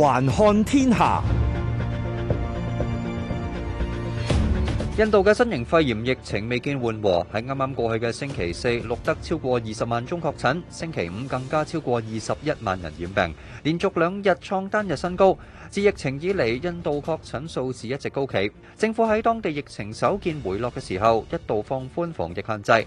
環看天下，印度嘅新型肺炎疫情未見緩和。喺啱啱過去嘅星期四，錄得超過二十萬宗確診，星期五更加超過二十一萬人染病，連續兩日創單日新高。自疫情以嚟，印度確診數字一直高企。政府喺當地疫情首見回落嘅時候，一度放寬防疫限制。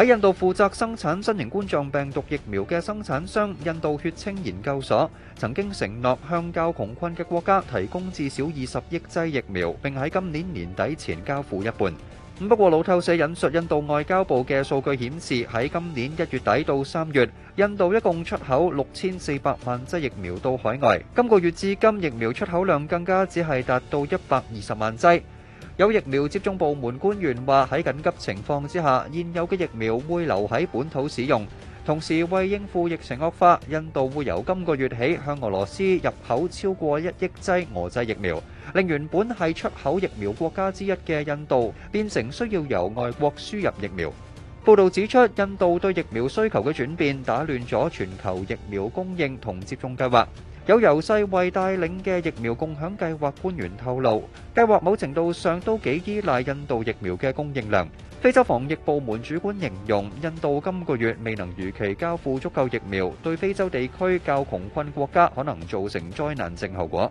喺印度負責生產新型冠狀病毒疫苗嘅生產商印度血清研究所，曾經承諾向較窮困嘅國家提供至少二十億劑疫苗，並喺今年年底前交付一半。咁不過路透社引述印度外交部嘅數據顯示，喺今年一月底到三月，印度一共出口六千四百萬劑疫苗到海外。今個月至今，疫苗出口量更加只係達到一百二十萬劑。有疫苗接種部門官員話，喺緊急情況之下現有嘅疫苗會留喺本土使用。同時為應付疫情惡化，印度會由今個月起向俄羅斯入口超過一億劑俄製疫苗，令原本係出口疫苗國家之一嘅印度變成需要由外國輸入疫苗。報道指出，印度對疫苗需求嘅轉變打亂咗全球疫苗供應同接種計劃。有由世衛帶領嘅疫苗共享計劃官員透露，計劃某程度上都幾依賴印度疫苗嘅供應量。非洲防疫部門主管形容，印度今個月未能如期交付足夠疫苗，對非洲地區較窮困國家可能造成災難性後果。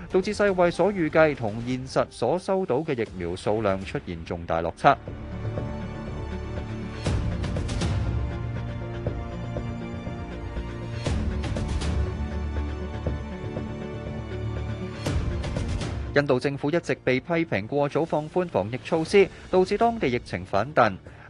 導致世衛所預計同現實所收到嘅疫苗數量出現重大落差。印度政府一直被批評過早放寬防疫措施，導致當地疫情反彈。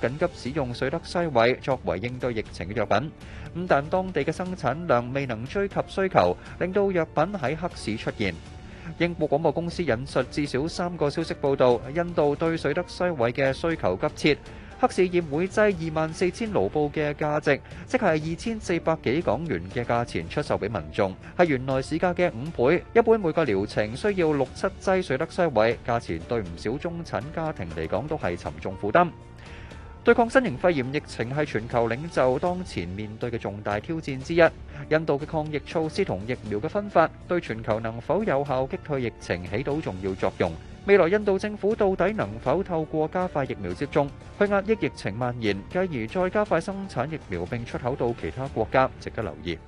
緊急使用瑞德西韋作為應對疫情嘅藥品，咁但當地嘅生產量未能追及需求，令到藥品喺黑市出現。英國廣播公司引述至少三個消息報道，印度對瑞德西韋嘅需求急切，黑市以每劑二萬四千盧布嘅價值，即係二千四百幾港元嘅價錢出售俾民眾，係原來市價嘅五倍。一般每個療程需要六七劑瑞德西韋，價錢對唔少中產家庭嚟講都係沉重負擔。對抗新型肺炎疫情係全球領袖當前面對嘅重大挑戰之一。印度嘅抗疫措施同疫苗嘅分發，對全球能否有效擊退疫情起到重要作用。未來印度政府到底能否透過加快疫苗接種去壓抑疫情蔓延，繼而再加快生產疫苗並出口到其他國家，值得留意。